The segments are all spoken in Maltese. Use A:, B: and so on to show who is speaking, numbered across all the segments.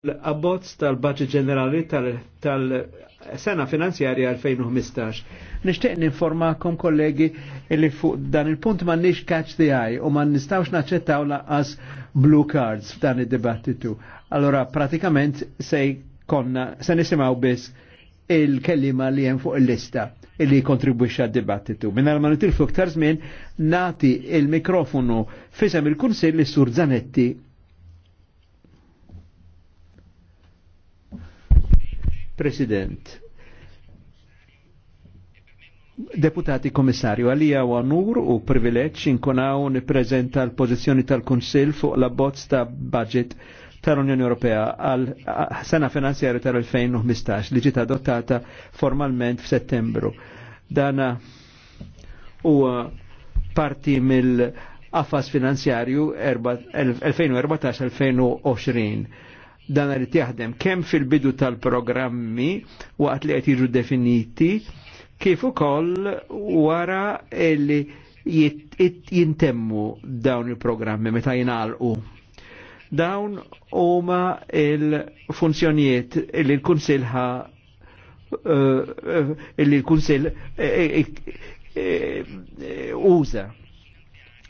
A: l-abbozz tal-Baċi Ġenerali tal-Sena Finanzjarja 2015. Nishtiq ninformakom kollegi li fuq dan il-punt ma nix catch the eye u ma nistawx naċċettaw laqas blue cards f'dan id-dibattitu. Allora, pratikament se konna, se nisimaw biss il-kellima li jen fuq il-lista illi kontribwixxa d-dibattitu. Minna ma nitilfu ktar żmien nati il-mikrofonu fisem il-Kunsill li Sur Zanetti President, Deputati Komissarju, għalija u għanur u privileġġ inkunaw niprezenta l-pozizjoni tal konsil fuq la bozz ta' budget tal-Unjoni Ewropea għal sena finanzjarju tal-2015 li ġiet adottata formalment f'Settembru. Dana u parti mill-qafas finanzjarju 2014-2020 dan li jaħdem kemm fil-bidu tal-programmi waqt li qed jiġu definiti kif ukoll wara li jintemmu dawn il-programmi meta jingħalqu. Dawn huma il-funzjonijiet li l kunsilħa li l-Kunsill eh, eh, eh, uża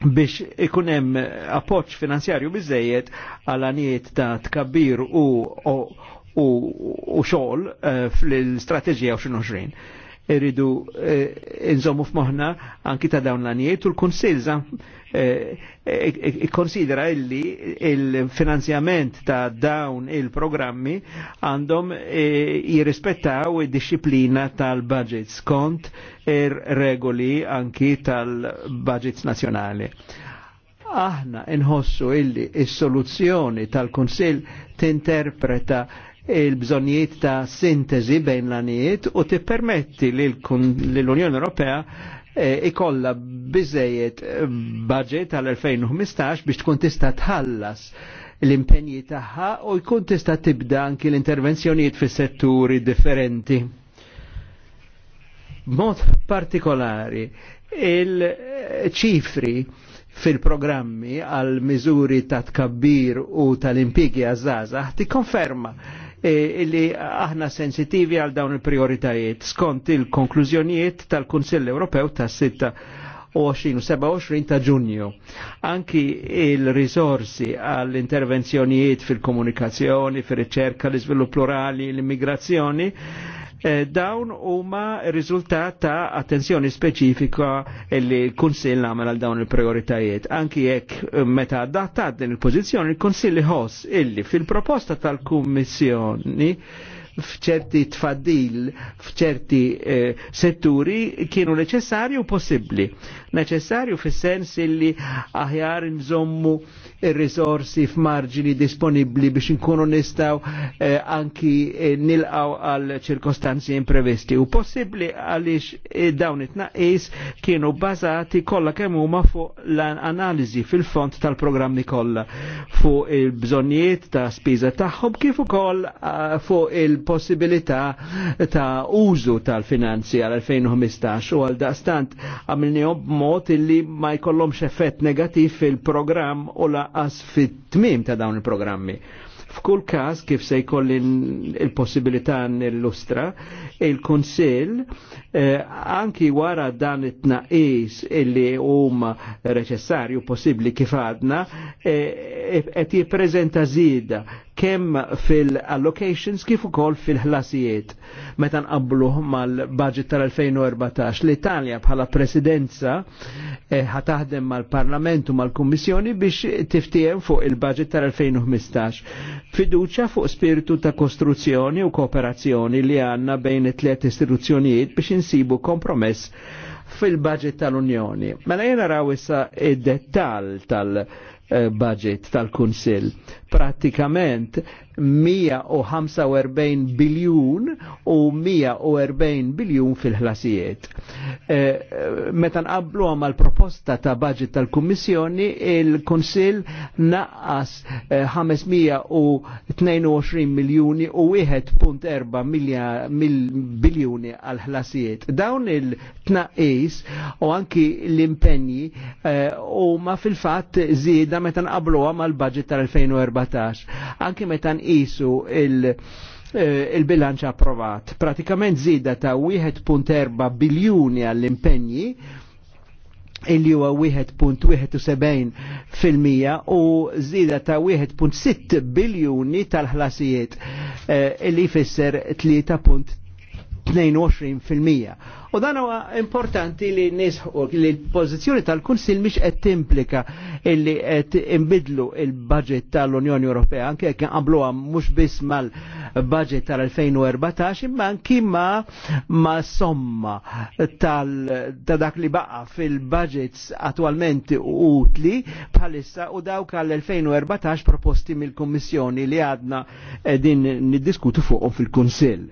A: biex ikunem appoċ finanzjarju bizzejiet għal għaniet ta' tkabbir u, u, u, eh, u xol uh, fl-istrateġija 2020 irridu eh, inżommu f'moħna anki ta' dawn l-anijiet u l konsilza eh, e, e, e, konsidera illi il-finanzjament ta' dawn il-programmi għandhom eh, jirrispettaw id-disciplina tal-budgets kont ir-regoli anki tal-budgets nazjonali aħna nħossu illi is-soluzzjoni tal konsil tinterpreta il-bżonijiet ta' sintesi bejn l-anijiet u tippermetti li l-Unjoni Ewropea eh, ikolla bizzejiet eh, budget tal-2015 biex tkun tista' tħallas l-impenji tagħha u jkun tista' tibda anki l-intervenzjonijiet fis setturi differenti. Mod partikolari, il-ċifri fil-programmi għal miżuri ta' tkabbir u tal-impigi għazzaza ti konferma E, li aħna sensitivi għal dawn il-prioritajiet skont il-konklużjonijiet tal-Kunsill Ewropew tas sitta 27 ta' ġunju. Anki il-risorsi għall-intervenzjonijiet fil-komunikazzjoni, fil-riċerka, l izvilupp plurali, l-immigrazzjoni, eh, dawn huma riżultat ta' attenzjoni speċifika li l-Kunsill għamel għal dawn il-prioritajiet. Anki jekk eh, meta adattat din il-pożizzjoni, il-Kunsill iħoss illi fil-proposta tal-Kummissjoni fċerti tfaddil, fċerti eh, setturi kienu neċessarju u possibbli neċessarju fis-sens illi aħjar nżommu ir-risorsi f'marġini disponibbli biex inkunu nistgħu eh, anki eh, nilqaw għal ċirkostanzi imprevisti. U possibbli għaliex eh, dawn it-tnaqqis kienu bazati kollha kemm huma fuq l-analiżi fil-font tal-programmi kollha fuq il-bżonnijiet ta' spiża tagħhom kif ukoll eh, fuq il-possibilità ta' użu tal-finanzi għal 2015 u għal daqstant għamilni mod illi ma jkollhomx effett negativ fil-programm u laqas fit-tmim ta' dawn il-programmi. F'kull każ kif se jkolli il-possibilità nillustra, il-Kunsill eh, anki wara dan it-tnaqis illi huma reċessarju possibbli kif għadna eh, qed eh, jippreżenta żieda kemm fil-allocations kif ukoll fil-ħlasijiet. Meta nqablu mal-budget tal-2014 l-Italja bħala presidenza ħataħdem eh, mal-Parlament u mal-Kummissjoni biex tiftijem fuq il-budget tal-2015. Fiduċa fuq spiritu ta' kostruzzjoni u kooperazzjoni li għanna bejn it-tliet istituzzjonijiet biex insibu kompromess fil-budget tal-Unjoni. Mela jena raw issa id-dettal tal-budget eh, tal-Kunsil pratikament 145 biljun u 140 biljun fil-ħlasijiet. E, Meta nqablu għal proposta ta' budget tal-Kummissjoni, il-Konsil naqqas 522 miljuni u 1.4 biljuni għal ħlasijiet. Dawn il-tnaqis u anki l-impenji e, eh, u ma fil-fat zida meta qablu għal budget tal-2014 2014, anki meta nqisu il- eh, il-bilanċ approvat. Pratikament zida ta' 1.4 biljuni għall-impegni illi huwa 1.71 fil-mija u zida ta' 1.6 biljuni tal-ħlasijiet eh, illi jfisser 3.3. 22%. U dan huwa importanti li nisħu li l-pożizzjoni tal-Kunsil mhix qed timplika illi qed imbidlu il-budget tal-Unjoni Ewropea anke jekk inqabluha mhux biss mal-budget tal-2014 imma anki ma somma tal ta' dak li baqa fil-budgets attualment utli bħalissa u dawk għal-2014 proposti mill kummissjoni li għadna din niddiskutu fuqhom fil-Kunsill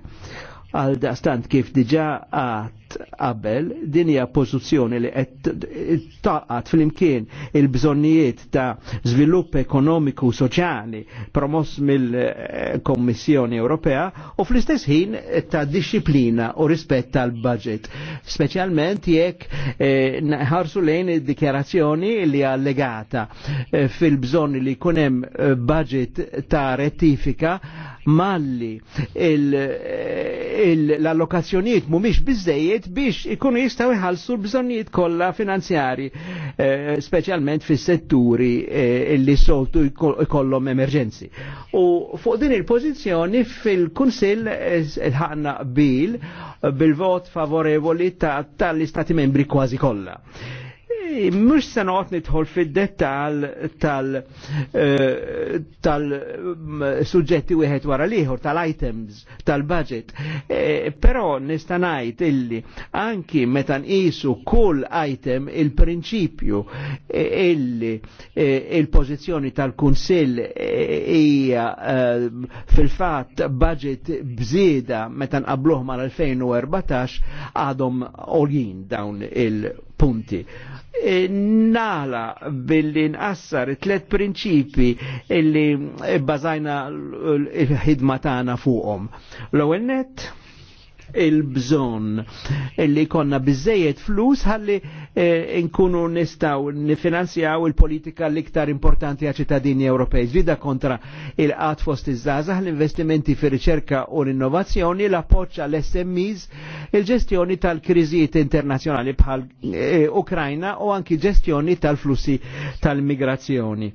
A: għal stant kif diġa għat qabel din hija pożizzjoni li qed taqgħat flimkien il-bżonnijiet ta' żvilupp ekonomiku u soċjali promoss mill-Kommissjoni Ewropea u fl-istess ħin ta' disciplina u rispett tal-budget. Speċjalment jekk eh, ħarsu lejn id-dikjarazzjoni li allegata eh, fil-bżonn li jkun hemm eh, budget ta' rettifika malli l-allokazzjonijiet mhumiex biżejjed l biex ikunu jistaw iħalsu l-bżonnijiet kollha finanzjari, eh, speċjalment fis-setturi eh, li soltu jkollhom emerġenzi. U fuq din il-pożizzjoni fil-Kunsill eh, ħanna bil eh, bil-vot favorevoli tal-Istati membri kważi kollha mux sanot nidħol fid detal tal eh, tal mm, suġġetti wieħed wara liħor, tal-items, tal-budget. E, Però nistanajt illi anki metan isu kull item il-prinċipju eh, illi il-pozizjoni tal-Kunsill hija fil-fat budget bżieda metan qabluħ mal-2014 għadhom olin dawn il- punti. E, nala billi nqassar tlet prinċipi illi bazajna il-ħidma tagħna fuqhom. L-ewwel net, il-bżon illi konna bizzejiet flus ħalli eh, nkunu nistaw nifinanzjaw il-politika l-iktar importanti għal ċittadini Ewropej. Ġida kontra il-qat fost iż-żazah l-investimenti fi riċerka u l-innovazzjoni, l-appoċ għall smis il-ġestjoni tal-kriżijiet internazzjonali bħal eh, Ukrajna u anki ġestjoni tal-flussi tal-migrazzjoni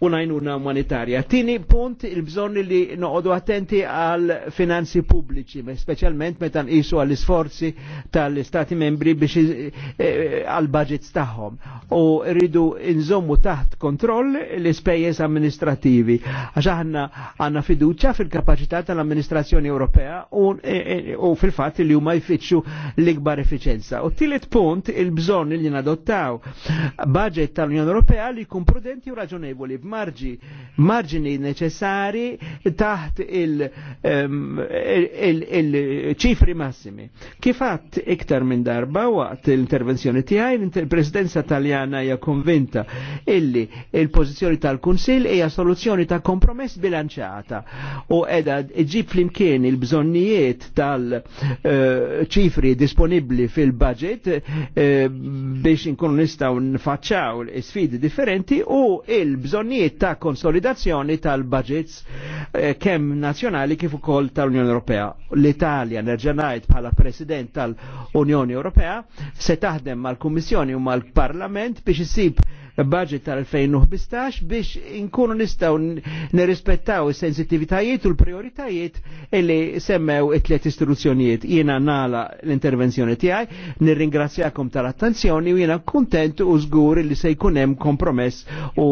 A: u najnuna umanitarja. Tini punt il-bżon li noqodu attenti għal finanzi pubbliċi, specialment metan isu għall isforzi tal-Stati membri biex eh, eh, għal budgets tagħhom. U rridu nżommu taħt kontroll l-ispejjeż amministrativi. Għax aħna għandna fiduċja fil-kapaċità tal-amministrazzjoni Ewropea u eh, fil-fatt li huma jfittxu l-ikbar efficienza. U tillet punt il-bżonn li nadottaw budget tal-Unjoni Ewropea li jkun prudenti u raġonevoli marġi, marġini neċessari taħt il-ċifri massimi. Kifat iktar minn darba waqt l-intervenzjoni tiegħi il-Presidenza Taljana hija konvinta illi il-pożizzjoni tal-Kunsill hija soluzzjoni ta' kompromess bilanċata u edha ġib flimkien il-bżonnijiet tal-ċifri disponibli fil-budget eh, biex inkunu nistgħu nfaċċaw l-sfidi differenti u il-bżonnijiet l-affarijiet ta' konsolidazzjoni tal-budgets eh, kemm nazzjonali kif ukoll tal-Unjoni Ewropea. L-Italja nerġanajt bħala President tal-Unjoni Ewropea se taħdem mal-Kummissjoni u mal-Parlament biex isib budget tal-2015 biex inkunu nistaw nirrispettaw is-sensitivitajiet u l-prioritajiet illi semmew it-tliet istituzzjonijiet. Jiena nala l-intervenzjoni tiegħi, nirringrazzjakom tal-attenzjoni u jiena kuntent u żgur li se jkun hemm kompromess u,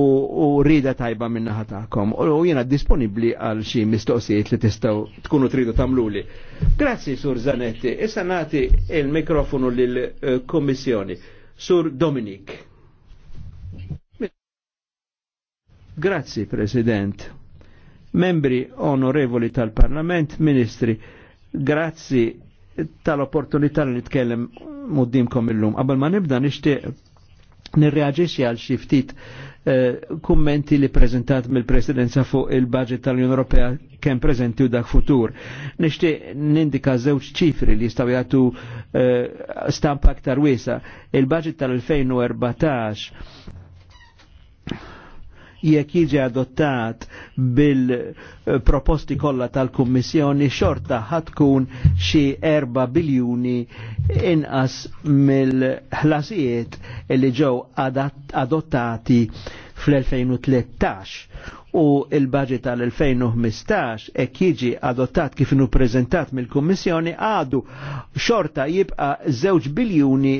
A: u rida tajba minna ħatakom. U jiena disponibbli għal xi mistoqsijiet li tistgħu tkunu tridu tagħmluli. Grazzi Sur Zanetti, issa nagħti il-mikrofonu lill eh, kommissjoni Sur Dominik. Grazzi, President. Membri onorevoli tal-Parlament, Ministri, grazzi tal-opportunità li nitkellem muddimkom illum. Qabel ma nibda nixtieq nirreaġixxi għal xi ftit eh, kummenti li prezentat mill-presidenza fuq il-budget tal-Unjoni Ewropea kemm preżenti u dak futur. Nixtieq nindika żewġ ċifri li jistgħu jagħtu eh, stampa aktar wiesa. Il-budget tal-2014 jekk jiġi adottat bil-proposti kollha tal-Kummissjoni xorta ħatkun xi erba' biljuni inqas mill-ħlasijiet li ġew adottati fl-2013 u il-budget tal-2015 e jiġi adottat kif inu prezentat mill-Kommissjoni għadu xorta jibqa 0 biljuni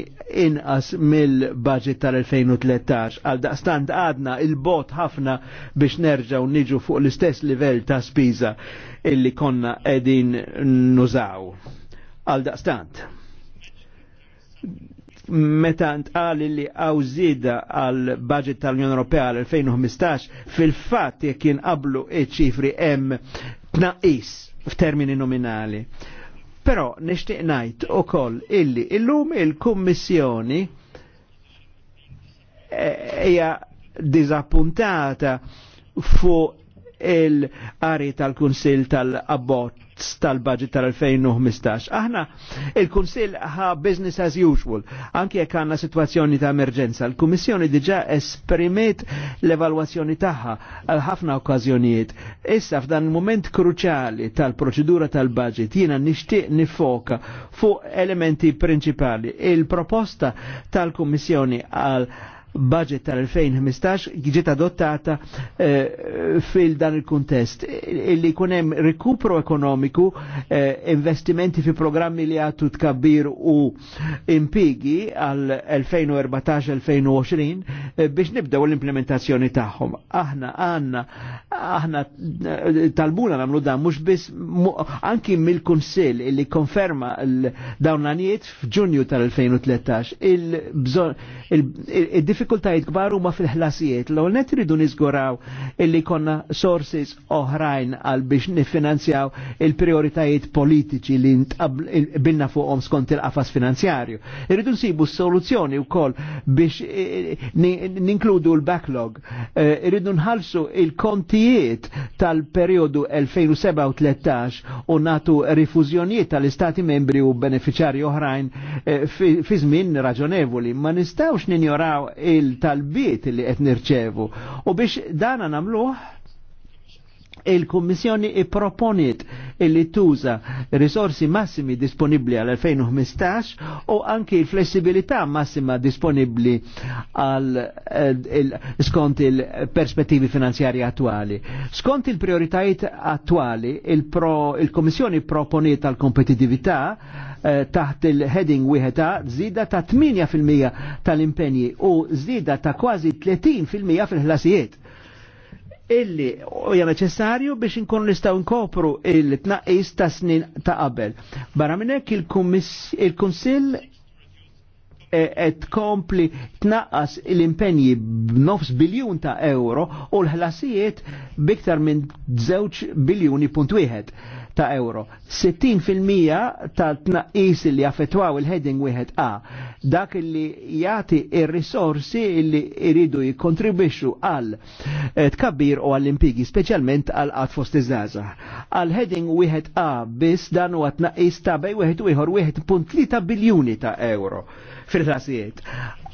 A: inqas mill-budget tal-2013 għal daqstant għadna il-bot ħafna biex nerġaw niġu fuq l-istess livell ta' spiża illi konna edin nużaw għal daqstant meta għal li għaw zida għal budget tal-Unjoni Ewropea għal 2015 fil-fatt jekk qablu iċ-ċifri hemm tnaqqis f'termini nominali. Però nixtieq ngħid ukoll illi illum il-Kummissjoni eh, hija diżappuntata fuq il-qari tal-Kunsil tal-Abbott tal-budget tal-2015. Aħna il-Kunsil ħa business as usual, anki jekk għandna situazzjoni ta' emerġenza. L-Kummissjoni diġà esprimiet l-evalwazzjoni tagħha għal ħafna okkażjonijiet. Issa f'dan il-moment kruċjali tal-proċedura tal-budget jiena nixtieq nifoka fuq elementi prinċipali. Il-proposta tal-Kummissjoni għal budget tal-2015 ġiet adottata eh, fil-dan il-kuntest. Illi kunem rikupro ekonomiku, eh, investimenti fi programmi li għattu tkabbir u impigi għal 2014-2020 eh, biex nibdew l-implementazzjoni tagħhom. Aħna għanna aħna talbuna namlu dan mhux biss anki mill-Kunsill illi konferma dawn l-anijiet f'Ġunju tal-2013 il bżonn il, il, diffikultajiet kbar huma fil-ħlasijiet. L-għol net ridu nizguraw illi konna sources oħrajn għal biex nifinanzjaw il-prioritajiet politiċi li bilna fuqhom skont il-qafas finanzjarju. Irridu nsibu soluzzjoni wkoll biex eh, eh, ninkludu l-backlog. Eh, Irridu nħalsu il-kontijiet tal-periodu 2007-13 u natu rifużjonijiet tal-istati membri u beneficjari oħrajn fi żmien raġonevoli. Ma nistawx ninjoraw il-talbiet li qed nirċevu. U biex dana namluħ il-Kummissjoni ipproponiet illi tuża risorsi massimi disponibli għal 2015 u anki il-flessibilità massima disponibli għal eh, skont il-perspettivi finanzjari attuali. Skont il-prioritajiet attuali, il-Kommissjoni il proponiet għal kompetitività eh, taħt il-heading wieħeda zida ta' 8% tal-impenji u zida ta' kważi 30% fil-ħlasijiet illi huja neċessarju biex inkunu nistgħu nkopru il-tnaqqis ta' snin ta' qabel. Barra minn hekk il-Kunsill e, qed kompli tnaqqas l-impenji b'nofs biljun ta' euro u l-ħlasijiet biktar minn żewġ biljuni punt wieħed ta' euro. 60% ta' tnaqqis li affettwaw il-heading wieħed A dak li jati il-risorsi li iridu jikontribixxu għal eh, tkabbir u għall-impigi, specialment għal għat fost iż-żaza. Għal heading wieħed A biss dan u għatnaqis ta' bej ieħor 1.3 biljuni ta' euro fil-ħlasijiet.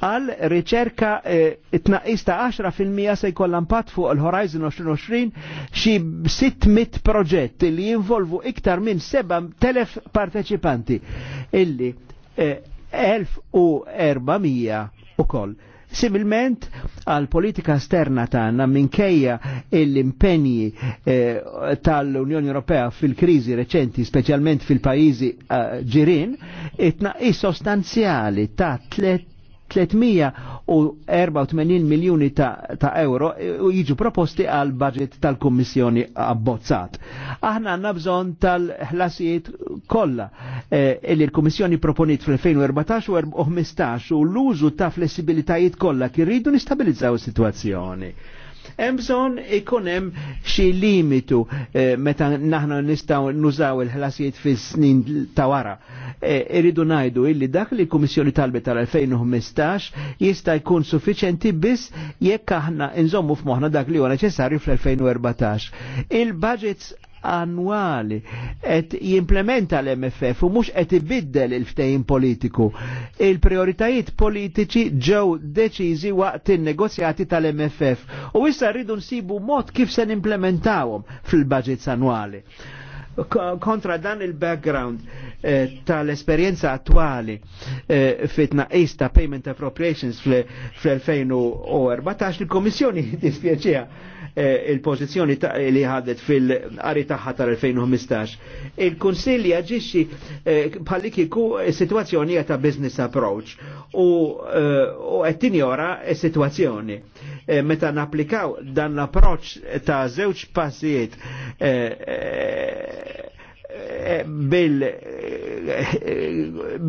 A: Għal riċerka eh, tnaqis ta' 10% se jkollha impatt fuq il-Horizon 2020 xi 600 proġett li jinvolvu iktar minn 7000 parteċipanti illi eh, 1400 koll. Similment għal politika esterna tagħna minkejja l-impenji eh, tal-Unjoni Ewropea fil-kriżi reċenti, speċjalment fil-pajjiżi ġirin, eh, it-tnaqqis sostanzjali ta' tlet 384 miljoni ta', ta euro e, u jiġu proposti għal budget tal-Kommissjoni abbozzat. Aħna għanna bżon tal-ħlasijiet kollha eh, illi l-Kommissjoni proponit fl-2014 u 2015 u l-użu ta' flessibilitajiet kollha kirridu rridu nistabilizzaw is-sitwazzjoni. Hemm bżonn ikun hemm xi limitu eh, meta naħna nistgħu nużaw il-ħlasijiet fis-snin ta' eh, Iridu Irridu ngħidu illi dak li komissjoni kummissjoni talbet tal-2015 jista' jkun suffiċenti biss jekk aħna nżommu f'moħħna dak li huwa neċessarju fl-2014. Il-budgets annwali qed jimplementa l-MFF u mhux qed ibiddel il-ftehim politiku. Il-prioritajiet politiċi ġew deċiżi waqt il negozjati tal-MFF u issa rridu nsibu mod kif se nimplementawhom fil-budgets annwali. Kontra dan il-background tal-esperienza attuali fit-naqis ta' Payment Appropriations fl-2014 il-Komissjoni dispieċija Eh, il-pożizzjoni li ħadet fil-qari taħħa tal-2015. il kunsilli jaġixxi eh, bħalli kiku situazzjoni ta' business approach u eh, qed tinjora s-sitwazzjoni. Meta napplikaw dan l approach ta' żewġ passijiet bil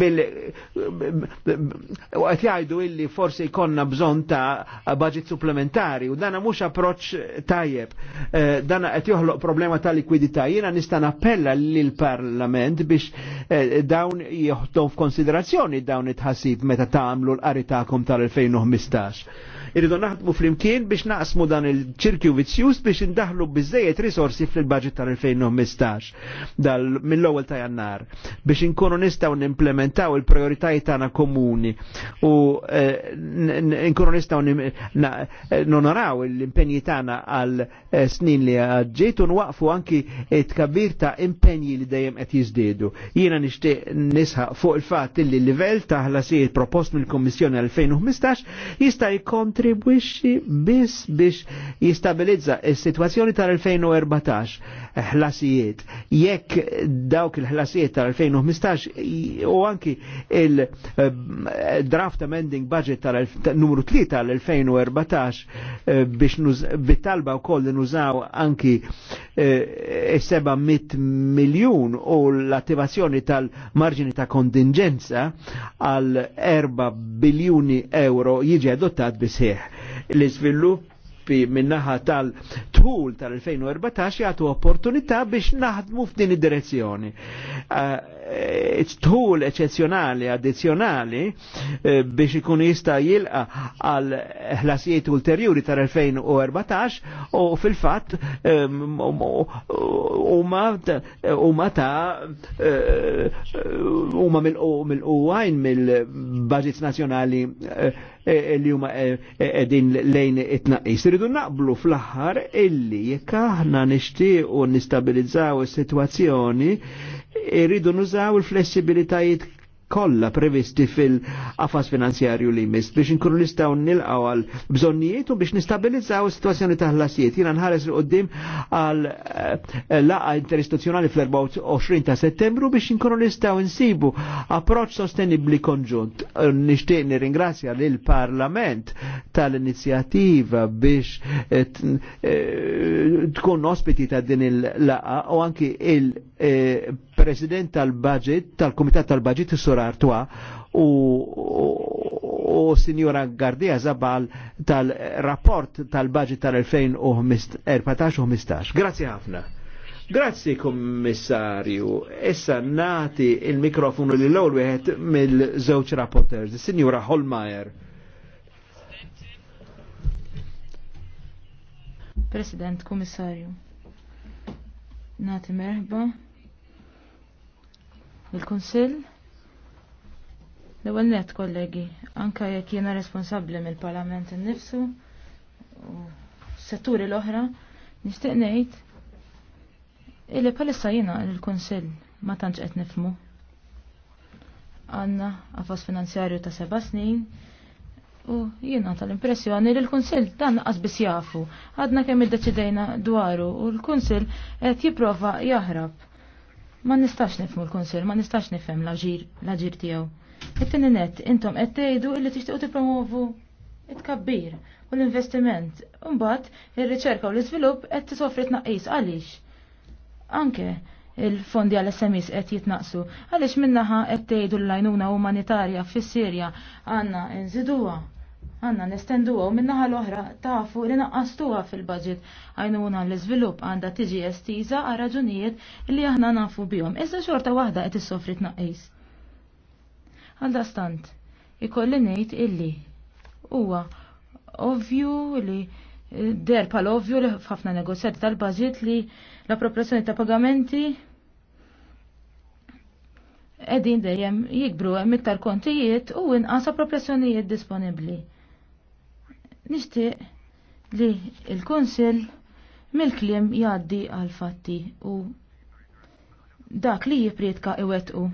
A: bil għet jgħajdu illi forsi jkonna bżon ta' budget supplementari u dana mux approċ tajjeb eh, dana għet joħloq problema ta' likwidità jina nista' appella l-parlament biex eh, dawn jħtom f'konsiderazzjoni dawn it ħasib meta ta' għamlu l-qaritakom tal-2015 Irridu naħdmu flimkien biex naqsmu dan il-ċirkju vizzjuż biex indaħlu biżejjed risorsi fil-budget tal-2015 mill-ewwel ta' jannar biex inkunu nistgħu nimplementaw il-prijoritajiet tagħna komuni u eh, nkunu nistgħu eh, nonoraw l-impenji tagħna għal eh, snin li għadġiet u nwaqfu anki it-kabir ta' impenji li dejjem qed jiżdiedu. Jiena nixtieq nisħaq fuq il-fatt li l-livell ta' ħlasijiet propost mill-Kommissjoni 2015 jista' jkontri jikkontribwixxi biss biex jistabilizza s sitwazzjoni tal-2014 ħlasijiet. Jekk dawk il-ħlasijiet tal-2015 u anki il-draft eh, amending budget tal-numru 3 tal-2014 eh, biex bit-talba wkoll nużaw anki 700 eh, miljun u l-attivazzjoni tal-marġini ta' kontingenza għal 4 biljuni euro jiġi adottat bisħie l-iżviluppi minnaħa tal-tħul tal-2014 jagħtu opportunità biex naħdmu f'din id-direzzjoni. Uh, Eh, tħul eccezjonali, addizjonali eh, biex ikun jista jilqa għal ħlasijiet ulterjuri tar-2014 u fil-fatt huma ta' huma eh, mill qwajn mill baġit nazjonali li huma qegħdin lejn it-tnaqqis. Iridu naqblu fl-aħħar illi jekk aħna nixtiequ nistabilizzaw is-sitwazzjoni irridu nużaw il-flessibilitajiet kollha previsti fil-qafas finanzjarju li mis biex inkunu nistgħu nilqgħu għal bżonnijiet u biex nistabilizzaw is-sitwazzjoni ta' ħlasijiet. Jiena nħares il qoddim għal eh, laqa interistituzzjonali fl-24 ta' Settembru biex inkunu nistgħu nsibu approċċ sostenibbli konġunt. Eh, nixtieq nirringrazzja lil Parlament tal-inizjattiva biex eh, tkun ospiti ta' din il-laqa u anki il- E, president tal-budget, tal-komitat tal-budget, s-sura Artua, u, u, u signora Gardia Zabal tal-rapport tal-budget tal-2014-15. Grazie ħafna. Grazie kommissarju. Essa nati il-mikrofonu li l għol wieħed mill-żewġ rapporters, signora Holmeyer.
B: President, Kommissarju. Nati merħba Il-Kunsill l-ewwel net kollegi, anka jekk jiena responsabbli mill-Parlament innifsu u setturi l-oħra, nixtieq illi bħalissa jiena il-Kunsill ma tantx qed nifmu. Għanna għafas finanzjarju ta' seba' snin u jena tal-impressjoni li l-Kunsill dan għazbis jafu. Għadna kemm iddeċidejna dwaru u l-Kunsill qed jipprova jaħrab Ma nistax nifmu l-konsil, ma nistax nifhem l-ġir, l-ġir tiegħu. It-tieni net, intom qed tgħidu illi tixtiequ tippromovu it-kabbir u l-investiment. Imbagħad ir-riċerka u l-iżvilupp qed t tnaqqis għaliex. Anke il-fondi għal SMIs qed jitnaqsu. Għaliex minnaħa qed tgħidu l-lajnuna umanitarja fis-Sirja għandna nżiduha għanna nestendu għu minnaħa l-oħra tafu li naqqastuha fil-budget għajnuna l-izvilup għanda tiġi estiza għal raġunijiet li aħna nafu bihom. Issa xorta waħda qed issofri tnaqqis. Għalda stant, ikolli ngħid illi huwa ovvju li eh, der pal ovvju li ħafna negozjati tal-budget li l-appropriazzjoni ta' pagamenti edin dejjem jikbru hemm iktar kontijiet u inqas propressjonijiet disponibbli. Nixtieq li il-Kunsill mill-kliem jgħaddi għal fatti u dak li jipriedka iwetqu.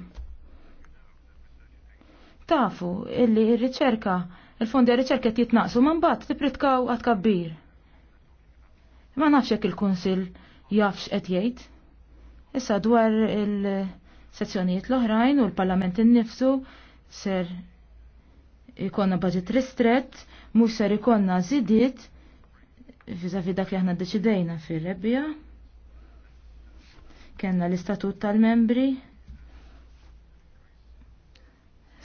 B: Tafu illi r-riċerka, il-fondi il riċerka jitnaqsu man bat tipritkaw għad kabbir. Ma nafxek il konsil jafx qed jgħid. Issa dwar il-sezzjonijiet l-oħrajn u l-Parlament innifsu ser ikonna budget ristret, mux ser ikonna zidit, fiza dak li aħna deċidejna fil-rebbija. Kenna l-istatut tal-membri,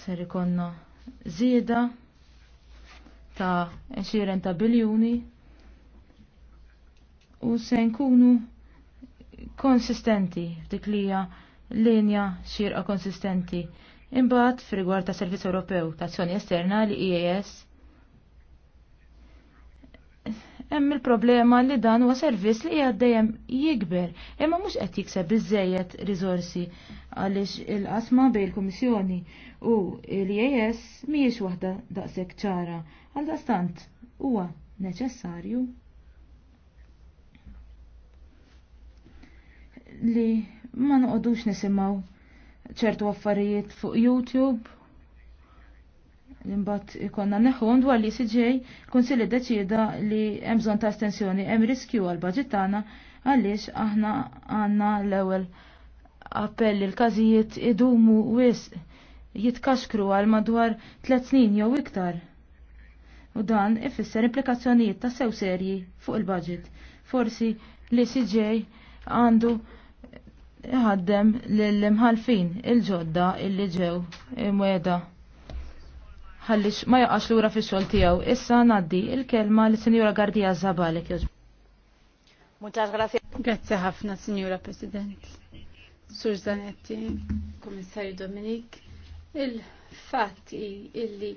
B: sar ikonna zida ta' 20 ta' biljuni u se nkunu konsistenti f'dik li linja xirqa konsistenti Imbagħad frigward ta' Servizz Ewropew ta' Azzjoni Esterna li IAS e hemm il-problema li dan huwa servizz li hija dejjem jikber, imma mhux qed jikseb biżejjed riżorsi għaliex il-qasma bejn il-Kummissjoni u l-IAS mhijiex waħda daqshekk ċara. Għal dastant huwa neċessarju li ma noqogħdux nisimgħu ċertu affarijiet fuq YouTube. Imbat ikonna neħu dwar li CJ konsili deċida li hemm bżonn ta' estensjoni hemm riskju għal baġit tagħna għaliex aħna għandna l-ewwel appell il-każijiet idumu wis jitkaxkru għal madwar tliet snin jew iktar. U dan ifisser implikazzjonijiet ta' sew serji fuq il-budget. Forsi li CJ għandu iħaddem l-imħalfin il-ġodda illi ġew imweda. Ħallix ma jaqax lura fix-xogħol tiegħu. Issa ngħaddi il-kelma li Sinjura Gardija Zabalek jogħġbu.
C: Muchas gracias. Grazie ħafna, Sinjura President. Sur Zanetti, Komissarju Dominik, il- fatt illi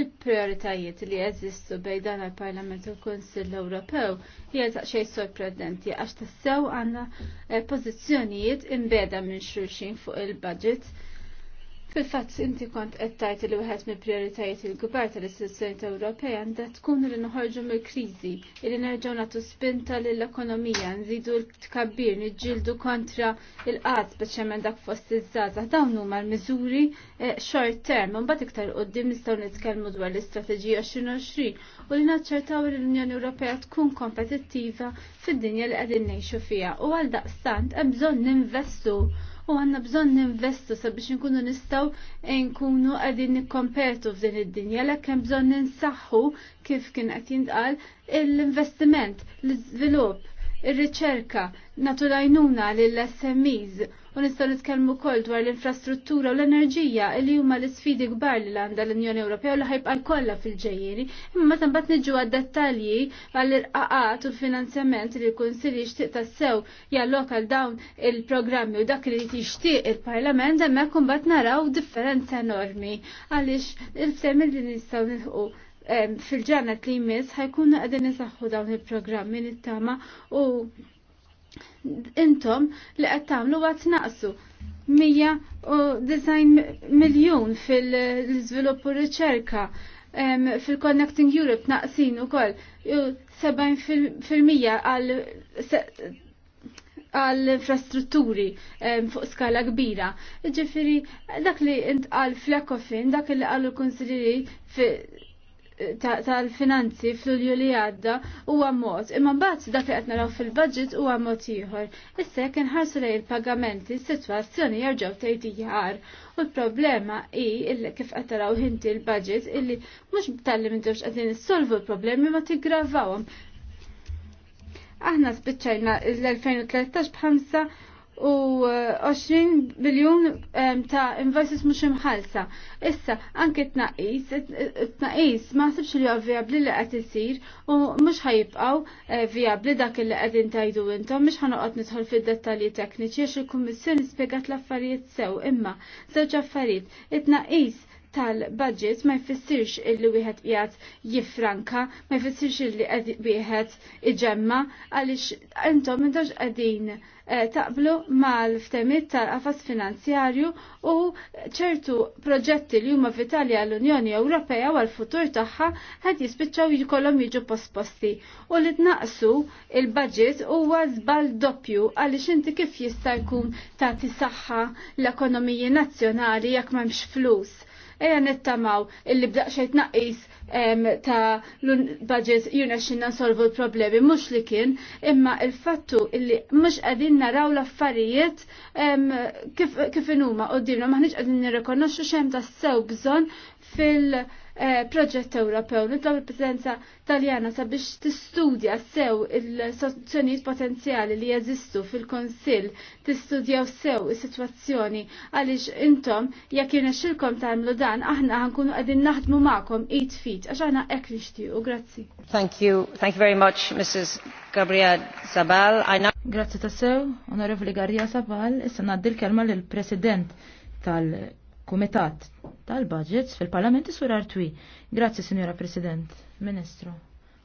C: il-prioritajiet li jeżistu bej dan il-Parlament u l-Kunsill Ewropew hija xejn sorprendenti għax tassew għandna eh, pożizzjonijiet imbeda minn xulxin fuq il-budget Fil-fatt inti kont qed li wieħed mill prijoritajiet il gubar tal-istituzzjoni Ewropea għanda tkun li nħorġu mill-kriżi, li nerġgħu nagħtu spinta lill-ekonomija, nżidu l-tkabbir, niġġieldu kontra il qad speċjalment dak fost iż-żgħażagħ. Dawn huma l-miżuri eh, short term, imbagħad iktar qudiem nistgħu nitkellmu dwar l-istrateġija 2020 u li naċċertaw li l-Unjoni Ewropea tkun kompetittiva fid-dinja li qegħdin ngħixu fiha u għal daqstant hemm bżonn ninvestu u għanna bżon ninvestu sabiex nkunu nistaw nkunu għadin nikkompetu f'din id-dinja l hemm bżon ninsaħħu kif kien qed jintqal l-investiment, l-iżvilupp ir-riċerka, natu lajnuna lill-SMEs u nistgħu nitkellmu wkoll dwar l-infrastruttura u l-enerġija li huma l-isfidi kbar li għandha l-Unjoni Ewropea u li ħajbqa' kollha fil-ġejjieri. Imma meta mbagħad niġu għad-dettalji għall-irqaqat u l-finanzjament li l kunsilli jixtieq tassew jalloka dawn il-programmi u dak li tixtieq il-Parlament hemmhekk imbagħad naraw differenza enormi għaliex il-ftehim li nistgħu nilħu fil-ġanet li jmiss ħajkunu għadin nisaxħu dawn il-programmi nittama u intom li qed tagħmlu għat naqsu 190 miljun fil-żvilupp u riċerka fil-Connecting Europe naqsin ukoll 70% għal għall-infrastrutturi fuq skala kbira. Ġifiri, dak li intqal għal ekofin dak li għal konsiliri tal-finanzi fl-ulju li għadda huwa mod. Imma mbagħad dak li qed naraw fil-budget huwa mod ieħor. Issa jekk inħarsu lejn il-pagamenti, s-sitwazzjoni jerġgħu tgħidihar. U l-problema hi kif qed taraw hinti l-budget illi mhux tal-li m'intux qegħdin solvu l-problemi ma tiggravawhom. Aħna spiċċajna l-2013 b'ħamsa u 20 eh, biljun ta' invoices mhux imħalsa. Issa, anke tnaqis, tnaqis ma' sibx li viabli li qed isir u mhux ħajibqgħu eh, viabli dak li qegħdin tajdu intom, mhux ħanoqgħod nidħol fid-dettalji tekniċi għax il-Kummissjoni spjegat l-affarijiet sew imma żewġ affarijiet. It-tnaqis tal-budget ma jfissirx illi wieħed qiegħed jiffranka, ma jfissirx illi qed wieħed iġemma għaliex intom intax qegħdin eh, taqblu mal-ftemiet tal-qafas finanzjarju u ċertu proġetti li huma vitali għall-Unjoni Ewropea u għall-futur tagħha qed jispiċċaw jkollhom jiġu posposti u li tnaqsu il-budget huwa żball doppju għaliex inti kif jista' jkun tagħti saħħa l-ekonomiji nazzjonali jekk m'hemmx flus Eja nittamaw illi bdaq xejt naqis ta' l-budget juna solvu l-problemi, mux li kien, imma il-fattu illi mux għadin naraw l-affarijiet kif inuma u dimna maħniġ għadin nirrekonnoxu xem ta' sew bżon fil- Eh, proġett Ewropew. Nitlob il-Presidenza Taljana sabiex tistudja sew il-soluzzjonijiet potenzjali li jeżistu fil-Konsill, tistudjaw sew is-sitwazzjoni għaliex intom jekk jirnexxilkom tagħmlu dan aħna ħankunu qegħdin naħdmu magħkom eight feet għax aħna hekk nixtiequ. Grazzi.
B: Thank you. Thank you very much, Mrs. Gabriel Sabal. Grazzi sew, Onorevoli Garja Sabal, issa ngħaddi l-kelma lill-President tal- kumitat tal-budgets fil-Parlament Sur Artwi. Grazzi, Signora President, Ministru,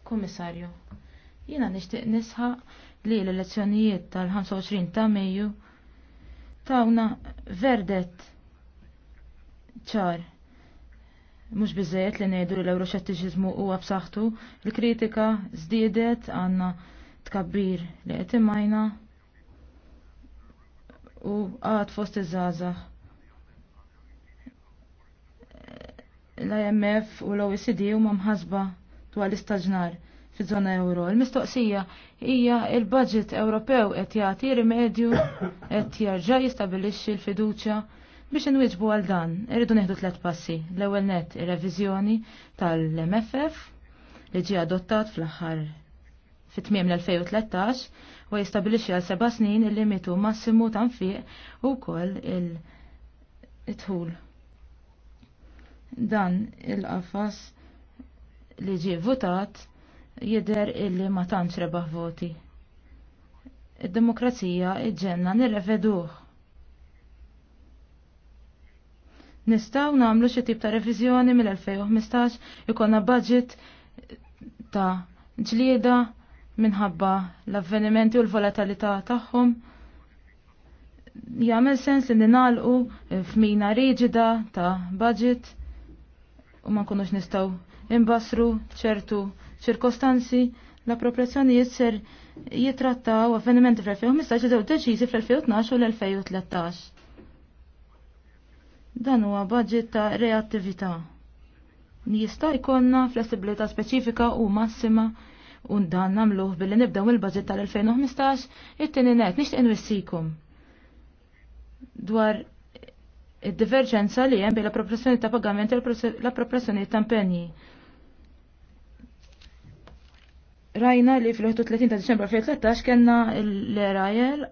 B: Komissarju. Jiena nixtieq nisħa li l-elezzjonijiet tal-25 ta' Mejju tawna verdet ċar. Mhux biżejjed li ngħidu li l-Euroxettiġiżmu huwa b'saħħtu, l-kritika żdiedet għandna tkabbir li qed imajna u għad fost iż-żgħażagħ l-IMF u l-OECD huma mħasba dwar l-istaġnar fi zona euro. Il-mistoqsija hija il-budget Ewropew qed jagħti rimedju qed jerġa' jistabbilixxi l-fiduċja biex inwiġbu għal dan. Irridu neħdu tliet passi. L-ewwel net ir-reviżjoni tal-MFF li ġie adottat fl-aħħar fit-tmiem l-2013 u jistabilixxi għal seba' snin il-limitu massimu tanfiq u koll il-tħul. il tħul Dan il-qafas li ġie votat jidher illi ma tantx rebaħ voti. Id-demokrazija iġġenna nirreveduh. Nistaw namlu xi tip ta' reviżjoni mill-2015 ikonna budget ta' ġlieda minħabba l-avvenimenti u l volatalità tagħhom. Jagħmel sens li ninalqu f'mina riġida ta' budget u ma nkunux nistaw imbasru ċertu ċirkostanzi l-appropriazzjonijiet ser jitrattaw avvenimenti fl-2015 ġew deċizi fl-2012 u l-2013. Dan huwa budget ta' reattività. Jista' jkollna flessibilità speċifika u massima u dan nagħmluh billi nibdew il-budget tal-2015 it-tieni ngħid nixtieq inwissikom dwar id-diverġenza li hemm bejn l-appropriazzjoni ta' pagamenti la l ta' impenji. Rajna li fil-31 ta' fil 2013 kellna l-Rajel,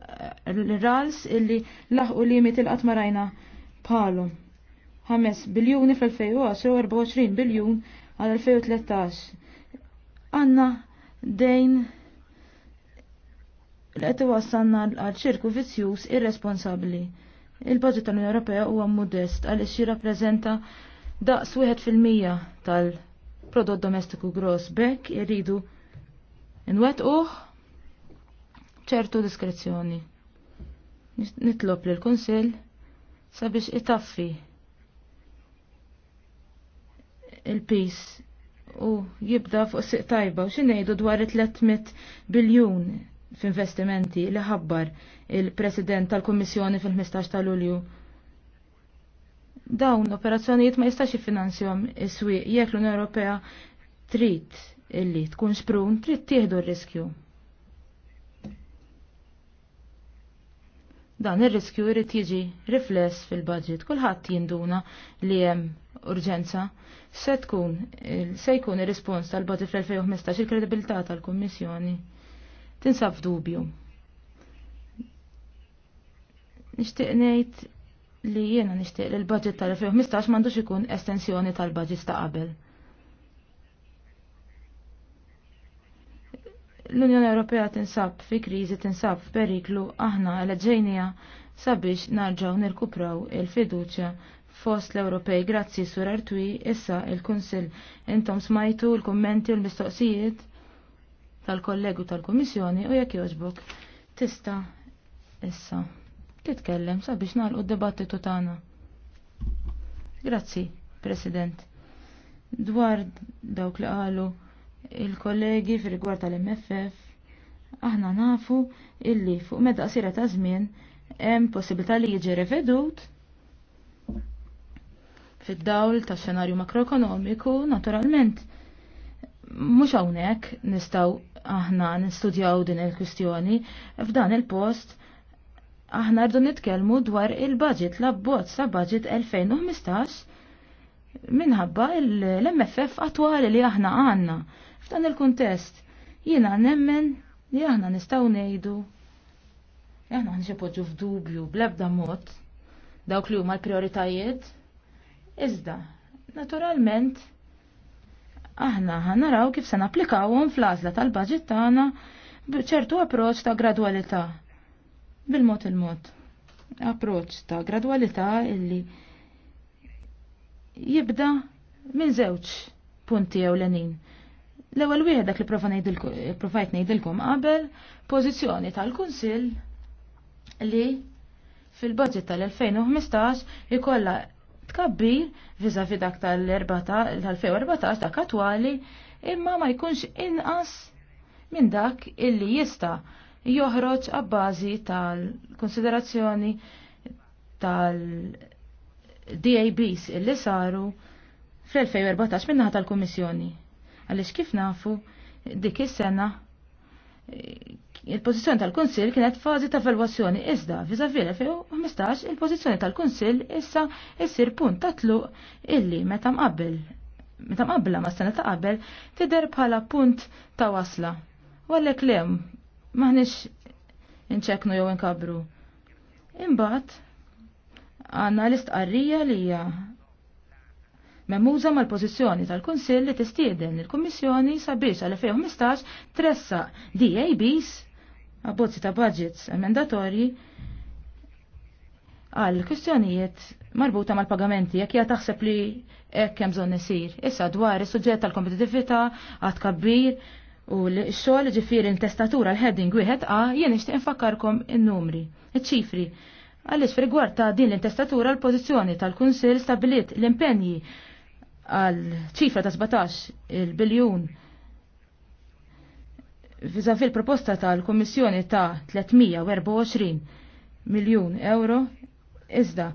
B: l-Rals illi li limit il ma rajna bħalhom. 5 biljuni fil-2024 u 24 biljun għal 2013. Għanna dejn li qed iwassalna għal ċirku vizzjuż irresponsabbli. Il-budget tal-Unjoni Ewropea huwa modest għaliex jirrappreżenta daqs wieħed fil-mija tal-prodott domestiku gross bekk irridu nwettquh ċertu diskrezzjoni. Nitlob lil kunsill sabiex itaffi il-pis u jibda fuq siq tajba u xinejdu dwar 300 biljun f'investimenti li ħabbar il-President tal-Kommissjoni fil-15 ta' Lulju. Dawn operazzjonijiet ma jistax jiffinanzjom is-swieq jekk l-Unjoni Ewropea trid illi tkun sprun trid tieħdu r-riskju. Dan ir-riskju jrid jiġi rifless fil-budget. Kulħadd jinduna li hemm urġenza se tkun se jkun ir-rispons tal-budget fl-2015 il-kredibilità tal-Kummissjoni tinsab f'dubju. Nixtieq ngħid li jiena nixtieq li l-budget tal-2015 m'għandux ikun estensjoni tal-budget ta' qabel. L-Unjoni Ewropea tinsab fi kriżi tinsab f'periklu aħna l-ġejnija sabiex narġaw nirkupraw il-fiduċja fost l-Ewropej grazzi sur Artwi issa il-Kunsil intom smajtu l-kummenti u l-mistoqsijiet tal-kollegu tal-Kummissjoni u jekk jogħġbok tista' issa titkellem sabiex nagħlqu d-dibattitu tagħna. Grazzi, President. Dwar dawk li qalu il-kollegi fir-rigward tal-MFF aħna nafu illi fuq meda qsira ta' żmien hemm possibilità li jiġi revedut fid-dawl ta' xenarju makroekonomiku naturalment mhux hawnhekk nistgħu aħna nistudjaw din il-kwistjoni f'dan il-post aħna rdu nitkellmu dwar il-budget la abbozz ta' budget 2015 minħabba l-MFF attwali li aħna għanna. F'dan il-kuntest jiena nemmen li aħna nistgħu ngħidu li aħna ħanix ipoġġu f'dubju bl-ebda mod dawk li huma l-prioritajiet. Iżda, naturalment, aħna ħanaraw kif se napplikawhom fl-għażla tal-baġit tagħna b'ċertu approċċ ta' gradwalità. Bil-mod il-mod. Approċċ ta' gradwalità illi jibda minn żewġ punti ewlenin. L-ewwel wieħed dak li provajt ngħidilkom qabel pożizzjoni tal-Kunsill li fil-budget tal-2015 ikolla tkabbir viżavi dak tal 14 dak attwali imma ma jkunx inqas minn dak illi jista' joħroġ għabbażi tal-konsiderazzjoni tal-DABs illi saru fl-2014 minnaħa tal-Kummissjoni. Għaliex kif nafu dik is-sena il-pozizjoni tal kunsil kienet fażi ta' valwazzjoni iżda viżavi fejn 15, il-pozizjoni tal-Kunsill issa issir punt ta' tluq illi meta mqabbel meta mqabbla ma' sena ta' qabel tidher bħala punt ta' wasla. Wallek lem maħniex inċeknu jew inkabru. Imbagħad għandna l-istqarrija li hija memuża mal-pożizzjoni tal-Kunsill li tistieden il-Kummissjoni sabiex għal 2015 tressa DABs abbozzi ta' budgets emendatorji għal kwistjonijiet marbuta mal-pagamenti jekk hija taħseb li hekk hemm bżonn isir. Issa dwar is-suġġett tal-kompetittività għad kabbir u l-xogħol ġifieri l-testatura l-heading wieħed A jien nixtieq infakkarkom in-numri, iċ-ċifri. Għaliex f'rigward ta' din l-intestatura l-pożizzjoni tal-Kunsill stabilit l-impenji għal ċifra ta' 17 il-biljun Fiza fil-proposta tal-Komissjoni ta' 324 miljun euro, iżda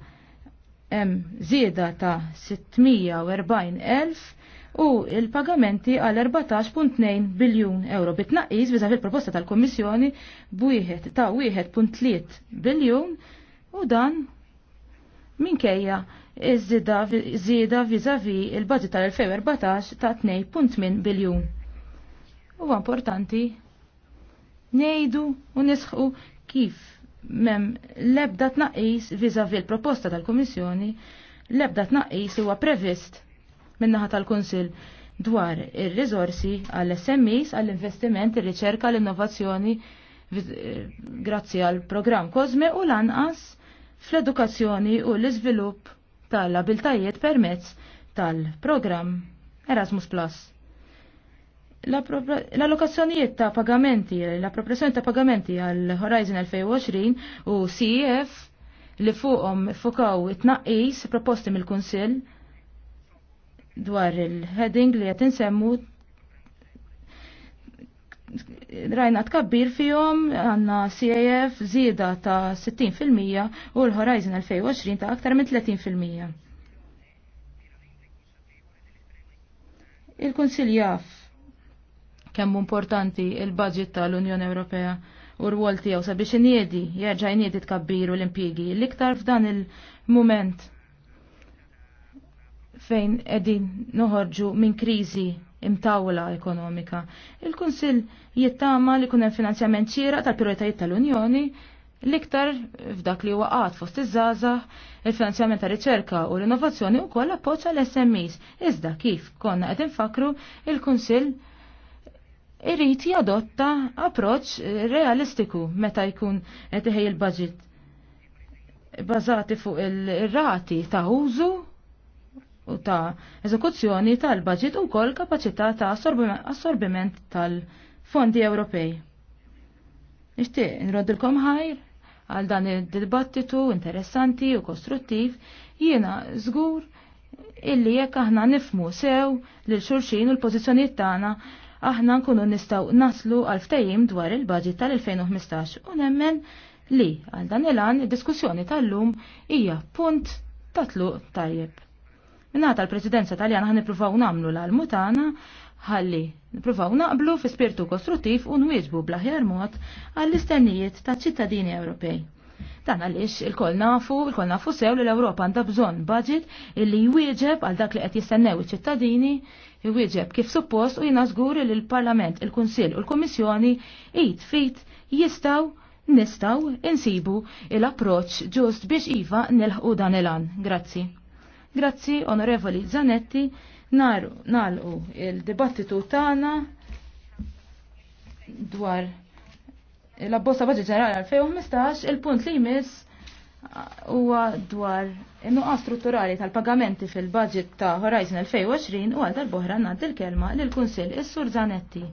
B: hemm zieda ta' 640 elf u il-pagamenti għal 14.2 biljun euro. Bitnaqqis viża fil-proposta tal-Komissjoni b'wieħed ta' 1.3 biljun u dan minkejja iż-żieda viżavi il-budget tal-2014 ta' 2.8 biljun. Huwa importanti ngħidu u nisħu kif mem lebda tnaqis vizavi l-proposta tal-Komissjoni, lebda tnaqis huwa previst minnaħa tal konsil dwar ir rizorsi għall-SMEs, għall-investiment, ir-riċerka, l-innovazzjoni eh, grazzi għal programm Kozme u lanqas fl-edukazzjoni u l-iżvilupp tal-abiltajiet permezz tal-programm Erasmus Plus. L-allokazzjonijiet ta' pagamenti, l-appropriazzjoni ta' pagamenti għal Horizon 2020 u CEF li fuqhom fukaw it-tnaqqis proposti mill-Kunsill dwar il-heading li qed insemmu rajna tkabbir fihom għandna CAF żieda ta' 60% u l-Horizon 2020 ta' aktar minn 30%. Il-Kunsill jaf kemm importanti il-budget tal-Unjoni Ewropea u r-wol tiegħu sabiex injedi, jerġa' injedi tkabbiru l-impjigi. L-iktar f'dan il-mument fejn qegħdin noħorġu minn kriżi imtawla ekonomika. Il-Kunsill jittama li kunem finanzjament ċira tal-prioritajiet tal-Unjoni l-iktar f'dak li huwa għad fost iż-żaza, il-finanzjament ta' riċerka u l-innovazzjoni u koll appoċa l-SMEs. Iżda kif konna qed infakru il-Kunsill irrid jadotta approċ eh, realistiku meta jkun qed il-budget bażati fuq il-rati ta' użu u ta' eżekuzzjoni tal-budget u kol kapacità ta' assorbiment tal-fondi Ewropej. Nixtieq nroddilkom ħajr għal dan id-dibattitu interessanti u kostruttiv jiena żgur illi jekk aħna nifmu sew lil xulxin u l-pożizzjonijiet tagħna aħna nkunu nistgħu naslu għal ftehim dwar il-budget tal-2015 u nemmen li għal dan il-għan id-diskussjoni tal-lum hija punt tatlu tajjeb. Minna tal-presidenza tal-jana għan niprufaw namlu l-almutana ħalli niprufaw naqblu fi spirtu kostruttiv u nwieġbu blaħjar mod għall-istennijiet ta' ċittadini Ewropej. Dan għaliex il-koll nafu, il-koll nafu sew li l-Ewropa għandha bżonn budget illi jwieġeb għal dak li qed jistennew iċ-ċittadini iwieġeb kif suppost u jina zguri li l-Parlament, il-Kunsill u l-Kummissjoni id fit jistaw nistaw insibu il-approċ ġust biex iva nilħu dan il-an. Grazzi. Grazzi, onorevoli Zanetti, nar nalqu il-dibattitu tagħna dwar il abbozza Baġġi ġenerali mistax il-punt li jmiss huwa dwar in-nuqqas strutturali tal-pagamenti fil-budget ta' Horizon 2020 u għal tal-boħra nad il-kelma lil kunsill is-Sur Zanetti.